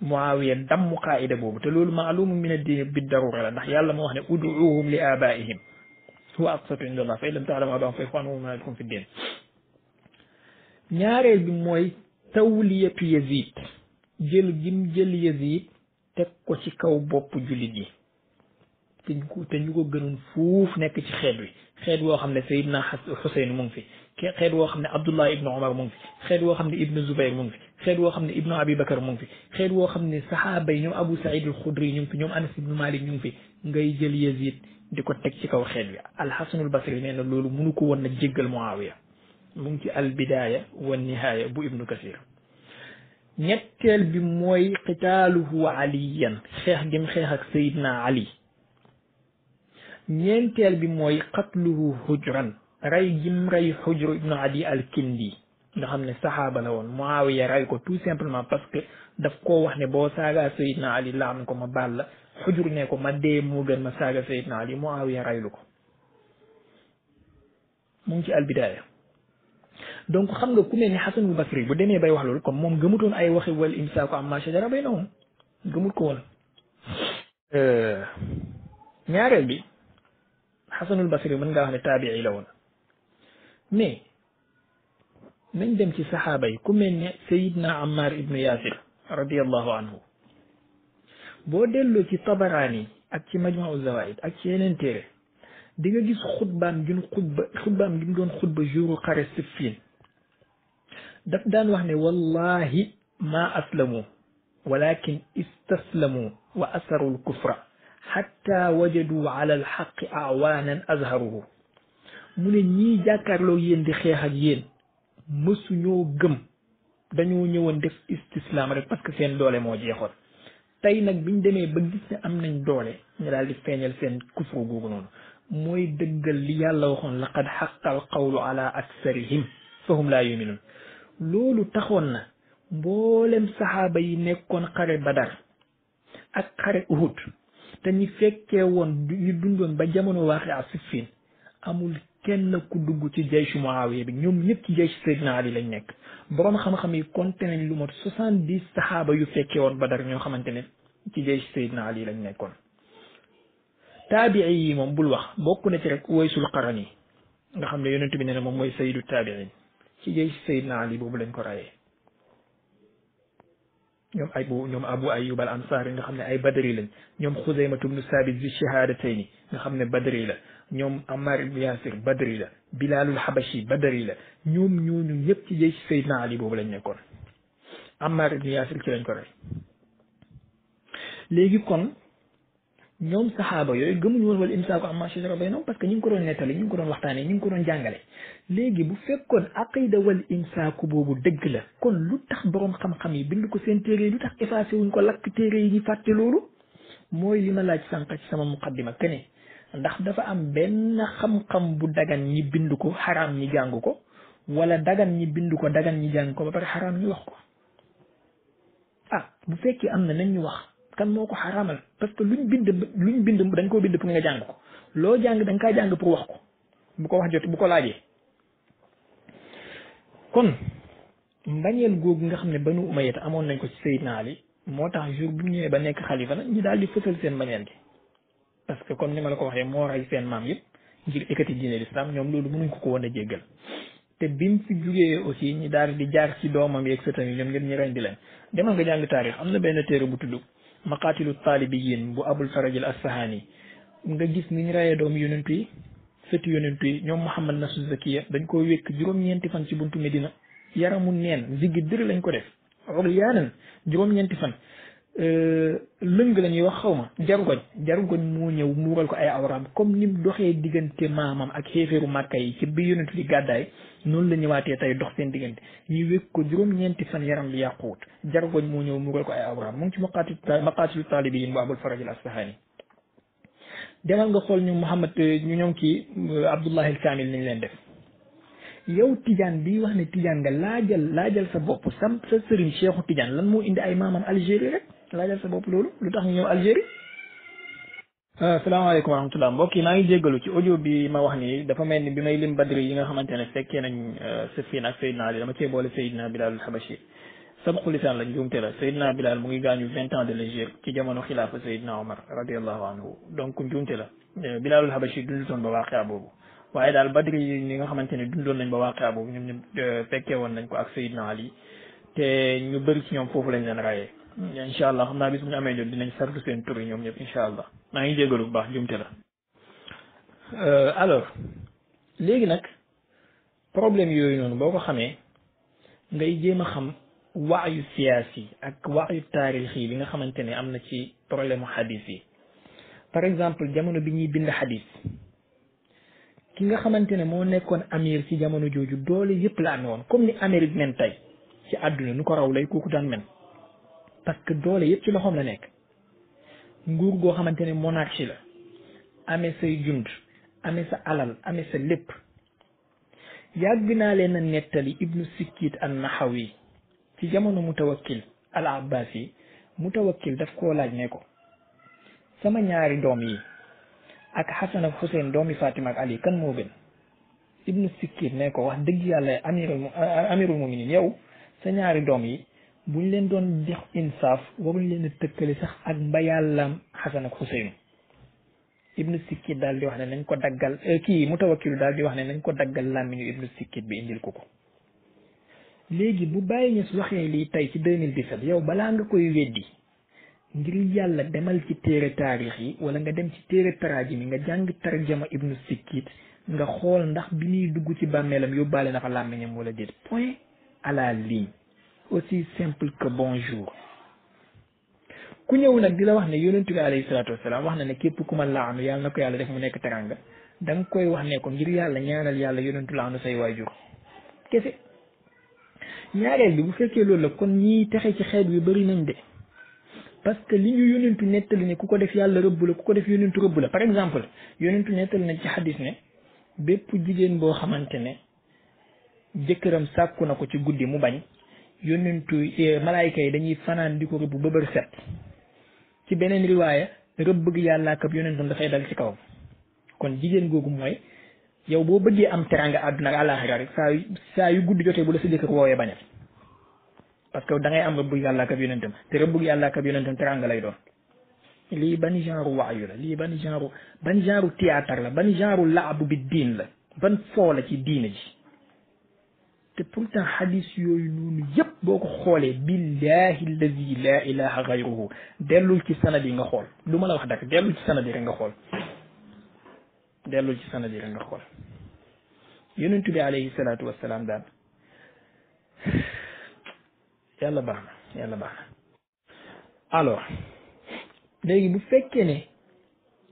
A: muawiya damm qaayida boobu te loolu maalumu min addiini bi darura la ndax yàlla moo wax ne uduuhum li abaihim huwa aqsatu inda allah fa in lam taalamu abaahum fa ixwaanukum tawliyatu yazid jël gim jël yazid teg ko ci kaw bopp yi te ñu ko te ñu ko gënoon fuuf nekk ci xeet wi xeet woo xam ne Seydina Xuseyn mu ngi fi xeet woo xam ne Abdullah ibnu Omar mu ngi fi xeet woo xam ne Ibnu Zubayr mu ngi fi xeet woo xam ne Ibnu Abi Bakar mu ngi fi xeet woo xam ne saxaaba yi ñoom Abu Saïd al-Xudri ñu ngi fi ñoom Anas ibnu Malik ñu ngi fi ngay jël Yazid di ko teg ci kaw xeet wi Alxasanul Basri nee na loolu mënu ko woon a jéggal Muawiya mu ngi ci albidaaya wa nihaaya bu Ibnu Kasir ñetteel bi mooy qitaaluhu aliyan xeex gi mu xeex ak Seydina Ali ñeenteel bi mooy qatluhu hujran rey jim rey hujr ibnu adi al kindi xam ne saxaaba la woon muawiya rey ko tout simplement parce que daf koo wax ne boo saaga sayidna ali laam ko ma baal la xujur ne ko ma dee moo gën ma saaga sayidna ali muawiya raylu ko mu ngi ci albidaaya donc xam nga ku mel ni xasan bu basri bu demee bay wax loolu kon moom gëmutoon ay waxi wal imsaaku amma shajara baynahum gëmut ko woon euh. ñaareel bi xasanul basri mën ngaa wax ne taabii la woon mais nañ dem ci saxaaba yi ku mel ne sayidna ammar ibnu yasir radiallahu anhu boo delloo ci tabaraani ak ci majmau zawaid ak ci yeneen téere di nga gis xutbaam jun xutba xutbaam gi mu doon xutba jouru xare siffiin daf daan wax ne wallahi ma aslamu walakin istaslamu wa asarul kufra xatta wajadu ala alxaqi awaanan azharuhu mu ne ñii jàkkaarloo yéen di xeex ak yéen mësuñoo gëm dañoo ñëwoon def istislaam rek parce que seen doole moo jeexoon tey nag biñ demee ba gis ne am nañ doole ñu daal di feeñal seen kufru googu noonu mooy dëggal li yàlla waxoon laqad xaqal qawlu ala aksarihim fahum laa yuminun loolu taxoon na mboolem saxaaba yi nekkoon xare badar ak xare uhud te ñi fekkee woon ñu dundoon ba jamono waaxi ak siffiin amul kenn ku dugg ci jaysh Muawiya bi ñoom ñëpp ci jaysh Seydina Ali lañ nekk boroom xam-xam yi konte nañ lu mot soixante dix saxaaba yu fekkee woon ba Badar ñoo xamante ne ci jaysh Seydina Ali lañ nekkoon taabii yi moom bul wax bokk na ci rek waysul qaran yi nga xam ne yonent bi nee moom mooy sayyidu taabiin ci jaysh Seydina Ali boobu lañ ko rayee ñoom abu ñoom abu ayub al ansaari nga xam ne ay badri lañ ñoom xuzaymatu bnu saabit bi shahadatayni nga xam ne badri la ñoom ammar ibnu yasir badri la bilalul habashi badri la ñoom ñooñu ñëpp ci jëy saydna ali boobu lañ nekkoon ammar ibnu yasir ci lañ ko rey ñoom saxaaba yooyu gëmuñu woon wala imsaaku amma shajara baynahum parce que ñu ngi ko doon nettali ñu ko doon waxtaanee ñu ko doon jàngale léegi bu fekkoon aqida wal imsaaku boobu dëgg la kon lu tax boroom xam-xam yi bind ko seen téere yi lu tax effacé wuñ ko lakk téere yi ñu fàtte loolu mooy li ma laaj sànq ci sama muqaddima kene ndax dafa am benn xam-xam bu dagan ñi bind ko xaraam ñi jàng ko wala dagan ñi bind ko dagan ñi jàng ko ba pare xaraam ñi wax ko ah, bu fekkee am na nañ ñu wax. kan moo ko xaraamal parce que luñ bind luñ bind dañ koo bind pour nga jàng ko loo jàng da nga kaa jàng pour wax ko bu ko wax jot bu ko laajee kon mbañeel googu nga xam ne banu umayya amoon nañ ko ci Seydina Ali moo tax jour bu ñëwee ba nekk xalifa nag ñu daal di fësal seen mbañeel gi parce que comme ni ma la ko waxee moo rey seen maam yëpp ngir ekkati diine l'islam ñoom loolu mënuñ ko ko woon a jéggal te bim fi jugee aussi ñi daal di jaar ci doomam yeeg sëtam yi ñoom ñëpp ñu rendi leen demal nga jàng taarix am na benn téere bu tudd maqaatilu taalibiyin bu abul farajil assahaani nga gis ni ñu rayee doom yonent yi sëti yonent yi ñoom Muhammad Nasu Zakiya dañ koo wékk juróom-ñeenti fan ci buntu Medina yaramu neen ziggi dër lañ ko def. xool yaanan juróom-ñeenti fan Euh, lëng la ñuy wax xaw ma jarugoñ jarugoñ moo ñëw muural ko ay awraam comme nim doxee diggante maamam ak xéeféeru màkka yi ci bi yonent di gàddaay noonu la ñëwaatee tey dox seen diggante ñu wékk ko juróom-ñeenti fan yaram bi yàquwut jarugoñ moo ñëw muural ko ay awraam mu ngi ci maqaatil maqaatil taalibiin bu abul faraj al asbahaani demal nga xool ñu Muhammad euh, ñu ñoom ki euh, Abdullahi al Kaamil niñ leen def yow Tidiane bi wax ne Tidiane nga laa laajal sa bopp sam sa sëriñ Cheikhu lan moo indi ay maamam Algérie laajal sa bopp loolu lu tax ñu ñëw Algérie asalaamaaleykum euh, wa rahmatulah mbokk yi maa ngi jéggalu ci audio bi ma wax nii dafa mel ni bi may lim badri yi nga xamante ne fekkee nañ euh, Sufyaan ak Seydina Ali dama cee boole Seydina Bilal al-Habashi sabqu lisaan la njuumte la Seydina Bilal mu ngi gaañu vingt ans de l'Hégire ci jamono xilaafa Seydina Omar radiallahu anhu donc njuumte la euh, Bilal al-Habashi dundutoon ba waaqia boobu waaye daal badri yi ñi nga xamante ne dundoon nañ ba waaqia boobu ñoom ñu fekkee woon nañ ko ak Seydina Ali te ñu bëri ci ñoom foofu lañ leen rayee incha allah xam naa bis bu ñu amee jot dinañ sartu seen tur ñoom ñëpp incha allah maa ngi jégalu bu baax jumte la. Euh, alors léegi nag problème yooyu noonu boo ko xamee ngay jéem a xam waayu siyaas yi ak waayu taarix yi bi nga xamante ne am na ci problème mu xadis yi par exemple jamono bi ñuy bind xadis ki nga xamante ne moo nekkoon amir ci jamono jooju doole yëpp la amee woon comme ni amérique men tey ci àdduna nu ko raw lay kooku daan men parce que doole yépp ci loxoom la nekk nguur goo xamante ni monarchie la amee say jund amee sa alal amee sa lépp yàgg naa leen a nettali ibnu sikkit an naxawi ci jamono mutawakkil al abbas yi mutawakkil daf ko laaj ne ko sama ñaari doom yi ak xasan ak xuseyn doomi fatima ali kan moo gën ibnu sikkit ne ko wax dëgg yàlla amirul amirul muminin yow sa ñaari doom yi buñ leen doon jox insaaf waruñ leen a tëkkale sax ak mbayàllaam xasan ak xuseynu ibnu sikkit daal di wax ne nañ ko daggal eh, kii mutawakkilu daal di wax ne nañ ko daggal làmmiñu ibnu sikkit bi indil ko ko léegi bu bàyyi ñes waxee lii tey ci 2017 yow balaa nga koy weddi ngir yàlla demal ci téere taarix yi wala nga dem ci téere taraajim yi nga jàng tarjama ibnu sikkit nga xool ndax bi muy dugg ci bàmmeelam yóbbaale na fa làmmiñam wala déet point à la aussi simple que bonjour ku ñëw nag di la wax ne yonentu bi alayhi salaatu wasalaam wax na ne képp ku ma laanu yàlla na ko yàlla def mu nekk teranga danga koy wax ne ko ngir yàlla ñaanal yàlla yonentu laanu say waajur kese ñaareel bi bu fekkee loolu la kon ñiy texe ci xeet wi bari nañ de parce que li ñu yonentu nettali ne ku ko def yàlla rëbb la ku ko def yonentu rëbb la par exemple yonentu nettali na ci xadis ne bépp jigéen boo xamante ne jëkkëram sàkku na ko ci guddi mu bañ yónnentu eh, malaayika yi dañuy fanaan di ko rëbb ba bër set ci beneen riwaaya rëbb bëgg yàlla ak ab yónnentam dafay dal ci kawam kon jigéen googu mooy yow boo bëggee am teranga àdduna ak àllaaxira rek saa yu saa yu gudd jotee bu la si jëkkër woowee bañal parce que da ngay am rëbb yàlla ak ab yónnentam te rëbb yàlla ak ab yónnentam teranga lay doon. lii ban genre waayu la lii ban genre ban genre théâtre la ban genre laabu bi diin la ban foo la ci diine ji. te temps xadis yooyu noonu yépp boo ko xoolee billahi alladi la ilaha gayruhu dellul ci sanad yi nga xool duma la wax dakk dellul ci sanad rek nga xool dellul ci sanad yi rek nga xool yonentu bi alayhi salaatu wasalaam daal yàlla baax na yàlla baax na alors léegi bu fekkee ne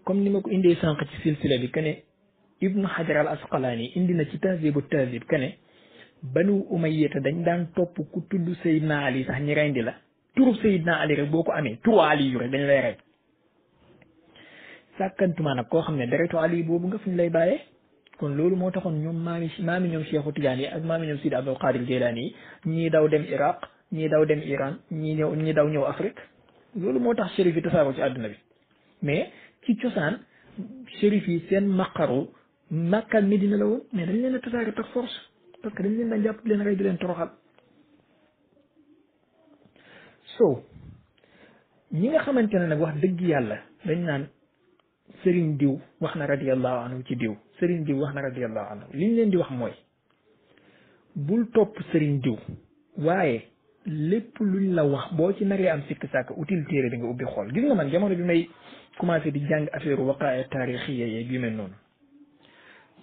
A: comme ni ma ko indee sànq ci silsila bi que ne ibnu hajar al asqalaani indi na ci tahzibu tahzib que ne banu umayyata dañ daan topp ku tudd Seydina Ali sax ñi rendi la turub Seydina Ali rek boo ko amee turu Ali yu rek dañ lay rey sàkkantuma nag koo xam ne deretu Ali boobu nga fu ñu lay bàyyee kon loolu moo taxoon ñoom maami maami ñoom Cheikhu Tidiane yi ak maami ñoom Sidi Abdul Qadir Jeylaani yi ñii daw dem Iraq ñii daw dem Iran ñii ñëw ñii daw ñëw Afrique loolu moo tax shérif yi tasaaroo ci àdduna bi mais ci cosaan shérif seen maqaru Makka Medina la woon mais dañ leen a parce que dañ leen daan jàpp leen rey di leen toroxal so ñi nga xamante ne nag wax dëgg yàlla dañ naan sëriñ diw wax na radiyallahu anhu ci diw sëriñ diw wax na radiyallahu anhu li ñu leen di wax mooy bul topp sëriñ diw waaye lépp luñ la wax boo ci naree am sikk sàkk utile téere bi nga ubbi xool gis nga man jamono bi may commencé di jàng affaire waqaaya taarixiya yeeg yu mel noonu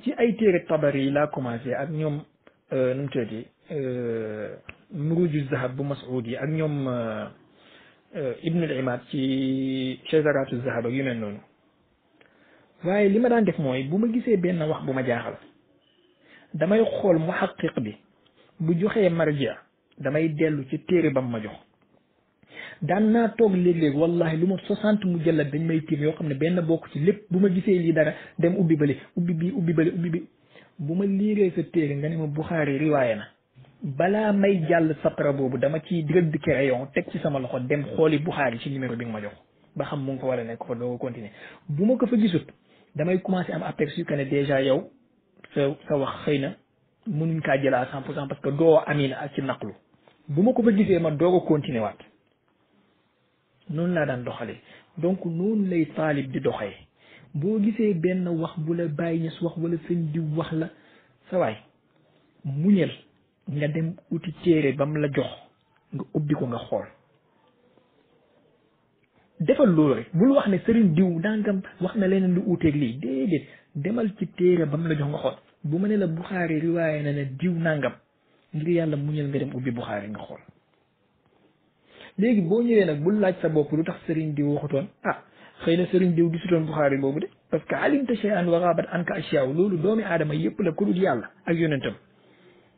A: ci ay téere tabar yi laa commencé ak ñoom Euh, nu mu tëjee euh, muruju zahab bu Mas'ud yi ak ñoom euh, Ibnul Imaad ci chazaratu zahab ak yu mel noonu waaye li ma daan def mooy bu ma gisee benn wax bu ma jaaxal damay xool muhaqqiq bi bu joxee marja damay dellu ci téere bam ma jox daan naa toog léeg-léeg wallahi lu ma soixante mu jëllat dañ may tiim yoo xam ne benn bokk ci lépp bu ma gisee li dara dem ubbi bale ubbi bii ubbi bale ubbi bu ma liiree sa téere nga ne ma Buxaari riwaaye na balaa may jàll satara boobu dama ci rëdd crayon teg ci sama loxo dem xooli Buxaari ci numéro bi nga ma jox ba xam mu ko war a nekk fa doo ko continuer bu ma ko fa gisut damay commencer am aperçu que ne déjà yow sa sa wax xëy na munuñ kaa jëlaa à cent pour cent parce que doo amin ak ci naqlu bu ma ko fa gisee ma doog a continuer waat noonu laa daan doxalee donc noonu lay taalib di doxee boo gisee benn wax bu la bàyyi ñes wax walla sëñ diw wax la sa waay muñal nga dem uti téere ba mu la jox nga ubbi ko nga xool defal loolu rek bul wax ne sëriñ diw dangam wax na leneen lu uuteeg lii déedéet demal ci téere ba mu la jox nga xool bu ma ne la Buxaari riwaaye na ne diw nàngam ngir yàlla muñal nga dem ubbi Buxaari nga xool léegi boo ñëwee nag bul laaj sa bopp lu tax sëriñ diw waxutoon ah, xëy na sëriñ diw gisutoon Buxaari boobu de parce que alimta shay'an wa ghabat anka ashyaaw loolu doomi aadama yëpp la ku dul yàlla ak yonentam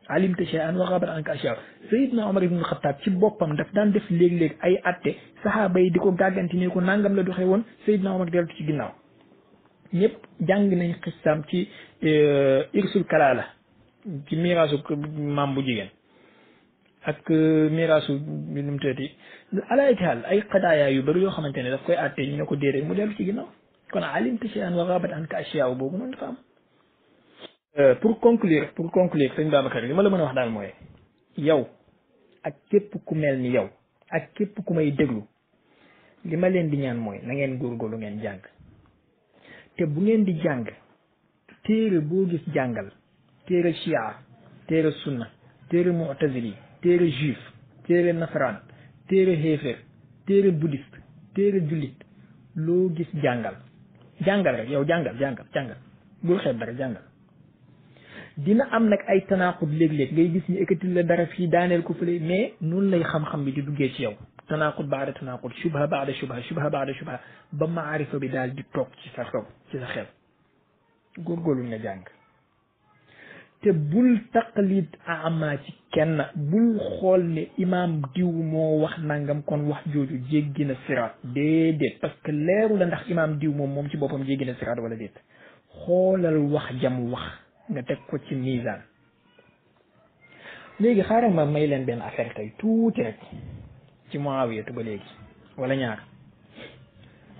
A: alimta shay'an wa ghabat anka ashyaaw Seydina Omar ibn Khattab ci boppam daf daan def léeg-léeg ay atte saxaaba yi di ko gàgganti ko nangam la doxee woon Seydina Omar deltu ci ginnaaw ñépp jàng nañ xistaam ci euh, irsul kalaala ci miiraasu maam jigéen ak euh, miraasu bi nu mu tëddee ala itaal ay qadaaya yu bëri yoo xamante ne daf koy àtte ñu ne ko déedéet mu dellu ci ginnaaw kon alimta shay'an wa ghabat anka ashya'u boobu noonu dafa am. Euh, pour conclure pour conclure sëñ Babacar li ma la mën a wax daal mooy yow ak képp ku mel ni yow ak képp ku may déglu li ma leen di ñaan mooy na ngeen góorgóorlu ngeen jàng te bu ngeen di jàng téere boo gis jàngal téere chia téere sunna téere mu'tazili téere juif téere nasaraan téere xéeféer téere bouddhiste téere jullit loo gis jàngal jàngal rek yow jàngal jàngal jàngal bul xeeb dara jàngal dina am nag ay tanaqub léeg-léeg ngay gis ñu ekkatil la dara fii daaneel ko fële mais noonu lay xam-xam bi di duggee ci yow tanaqud baada tanaqud shubha baada shubha shubha baada shubha ba maarifa bi daal di toog ci sa kaw ci sa xel góorgóorlu nga jàng te bul taqlid ama ci kenn bul xool ne imaam diw moo wax nangam kon wax jooju jéggi na siraat déedéet parce que leeru la ndax imaam diw moom moom ci boppam jéggi na siraat wala déet xoolal wax jam wax nga teg ko ci misaan léegi xaaral ma may leen benn affaire tey tuuti ci mois Muawiyatu ba léegi wala ñaar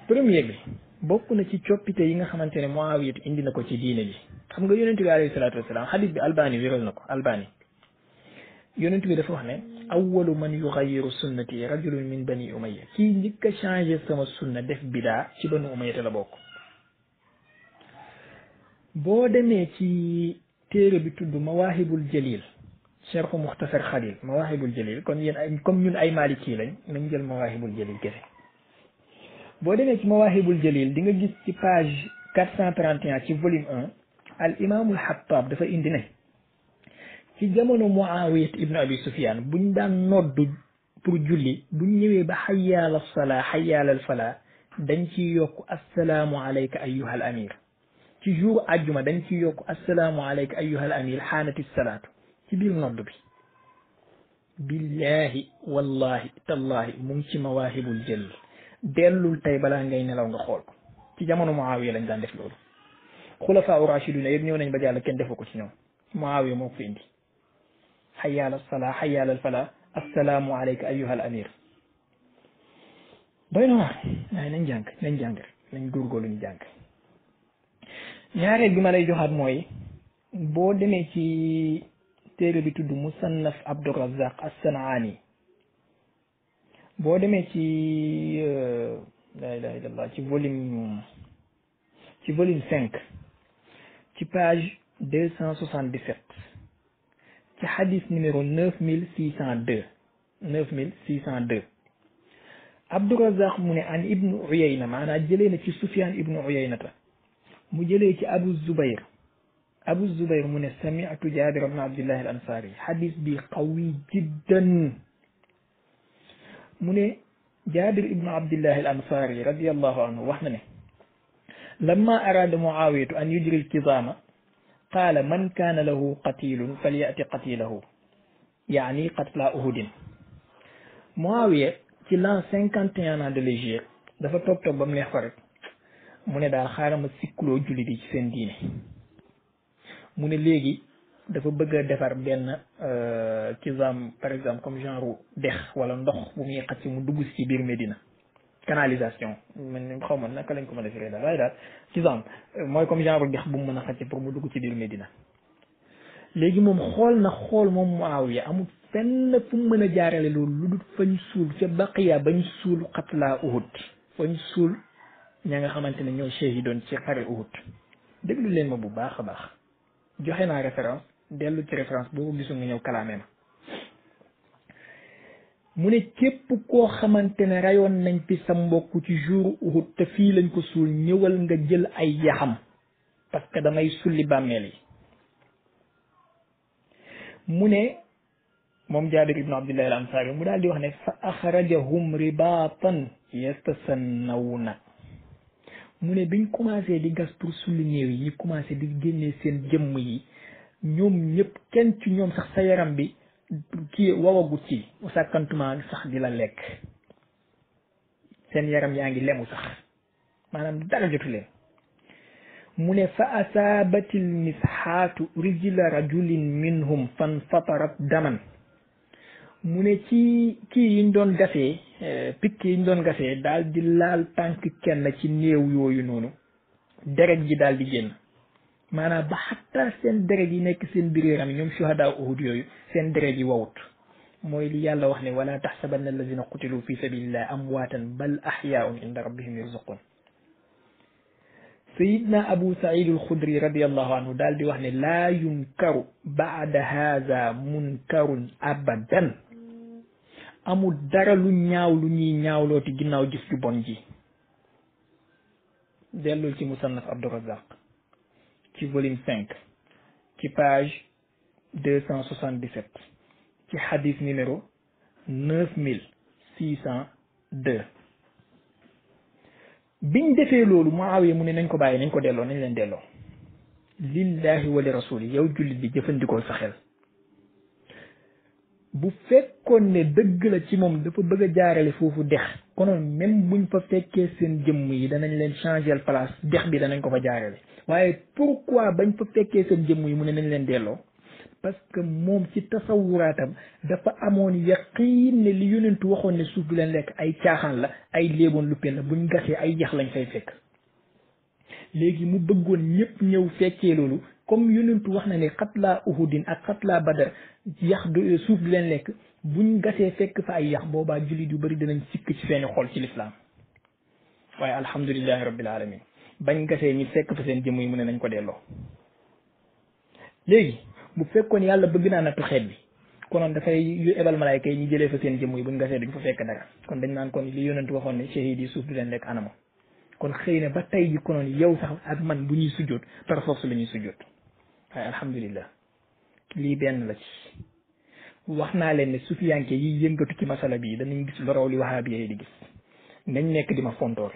A: premier bi bokk na ci coppite yi nga xamante ne mois Muawiyatu indi na ko ci diine ji xam nga yonent bi alayhi salaatu bi albani wéral na ko albani yonent bi dafa wax ne awwalu man yuxayiru sunnati rajulun min bani umayya ci njëkk a changé sama sunna def bidaa ci banu umayya te la bokk boo demee ci téere bi tudd mawaahibul jalil sharxu muxtasar xalil mawaahibul jalil kon yéen ay comme ñun ay maliki lañ nañ jël mawaahibul jalil kese boo demee ci mawaahibul jalil di nga gis ci page 431 ci volume 1 al imaamul xattaab dafa indi ne ci jamono muawiyat ibnu abi sufyaan buñ daan noddu pour julli buñ ñëwee ba xayaal al salaa xayaal al falaa dañ ciy yokk assalaamu alayka ayyuhal amir ci jour àjjuma dañ ciy yokk assalaamu alayka ayyuhal amir xaanati salaatu ci biir nodd bi billahi wallahi tallahi mu ngi ci mawaahibul jël dellul tey balaa ngay nelaw nga xool ko ci jamono muawiya lañ daan def loolu xulafaa u rachiduna yëpp ñëw nañ ba jàll kenn defu ko ci ñoom Muawiya moo ko fi indi hayya ala salaa hayya ala falaa assalaamu alayka ayyuha al amir doy na waar waaye nañ jàng nañ jàng nañ góorgóorlu ñu jàng ñaareel bi ma lay joxaat mooy boo demee ci téere bi tudd musannaf abdurazaq assanaani boo demee ci euh, la ilaha illallah ci volume ci volume cinq ci page deux cent soixante dix mille six cent deux neuf mille mu ne an ibnu Uyayna maanaa jëlee na ci Sufyaan ibnu mu jëlee ci Abu Zubayr Abu Zubayr mu ne sami'tu Jaabir ibn Abdillah al Ansaari xadis bi qawi jiddan mu ne Jaabir ibnu Abdillah al Ansaari radiyallahu anhu wax lamma araada muawiyatu an yujri alkizaama qaala man kaana lahu qatilun falyati qatilahu yaani qatla uhudin muawiya ci cinquante et un de l'hégire dafa toog toog ba mu neex ko mu ne daal xaaral ma sikkuloo jullit yi ci seen diine mu ne léegi dafa bëgg defar benn euh, kizaam par exemple comme genre dex wala ndox bu muy xat mu dugg ci biir Medina canalisation man xaw ma naka lañ ko mën a defee daal waaye daal ci mooy comme genre gex bu mu mën a xàcce pour mu dugg ci biir Medina léegi moom xool na xool moom mu Muawiya amul fenn fu mu mën a jaarale loolu lu dul fa ñu suul ca Baqiya ba ñu suul xatlaa Uhud fa ñu suul ña nga xamante ne yi doon ci xare Uhud déglu leen ma bu baax a baax joxe naa référence dellu ci référence boo ko gisul nga ñëw kalaamee ma mu ne képp koo xamante ne rayoon nañ fi sa mbokk ci jour Uhud te fii lañ ko suul ñëwal nga jël ay yaxam parce que damay sulli bàmmeel yi mu ne moom jaabir ibnu abdillahi al ansaari mu daal di wax ne fa axrajahum ribaatan na mu ne biñ commencé di gas pour sulli néew yi ñu commencé di génnee seen jëmm yi ñoom ñëpp kenn ci ñoom sax sa yaram bi kii wawagu ci sàkkantuma sax di la lekk seen yaram yaa ngi lemu sax maanaam dara jotu leen mu ne fa asaabatil misxaatu rijla rajulin minhum fan fatarat daman mu ne ci kii yiñ doon gasee eh, pikk yiñ doon gasee daal di laal tànk kenn ci néew yooyu noonu deret ji daal di génn maanaam ba xatta seen deret yi nekk seen biir yaram yi ñoom shuhadaa uhud yooyu seen deret yi wawut mooy li yàlla wax ne wala taxsabanna alladina qutilu fi sabilillah amwaatan bal axyaun inda rabbihim yarzuqun sayidna abu said alxudri radiallahu anhu daal di wax ne laa yunkaru baada haada munkarun abadan amul dara lu ñaaw lu ñuy ñaawlooti ginnaaw jëf ju bon ji dellul ci musannaf abdurazaq ci volume cinq ci page deux cent soixante-dix-sept ci xadis numéro neuf mille six cent deux biñ defee loolu Muawiya mu ne nañ ko bàyyi nañ ko delloo nañ leen delloo lillahi wa li rasuli yow jullit bi jëfandikoo sa xel bu fekkoon ne dëgg la ci moom dafa bëgg a jaarale foofu dex konoon même buñ fa fekkee seen jëmm yi danañ leen changer place dex bi danañ ko fa jaarale waaye pourquoi bañ fa fekkee seen jëmm yi mu ne nañ leen delloo parce que moom ci tasawuraatam dafa amoon yaqiin ne li tu waxoon ne suuf bi leen lekk ay caaxaan la ay léeboon lu pen la buñ gasee ay yax lañ fay fekk léegi mu bëggoon ñëpp ñëw fekkee loolu comme yonentu wax na ne xatlaa din ak xatlaa badar yax du euh, suuf du leen lekk buñ gasee fekk fa ay yax boobaa jullit yu bari dinañ sikk ci seeni xol ci lislaam waaye alhamdulilahi rabbil alamin bañ gasee ñi fekk fa seen jëmm yi mu ne nañ ko delloo léegi bu fekkoon yàlla bëgg naa nattu xeet bi konoon dafay yu ebal malaayka yi ñu jëlee fa seen jëmm yi buñ gasee duñ fa fekk dara kon dañ naan kon li yonentu waxoon ne shahid yi suuf du leen lekk ana kon xëy na ba tey ji konoon yow ak man bu ñuy sujjoot par force la ñuy sujjoot waaye alhamdulilah lii benn la ci wax naa leen ne sufiyanke yi yëngatu ci masala bii danañ gis lorow li waxaabi yi di gis nañ nekk di ma fontoo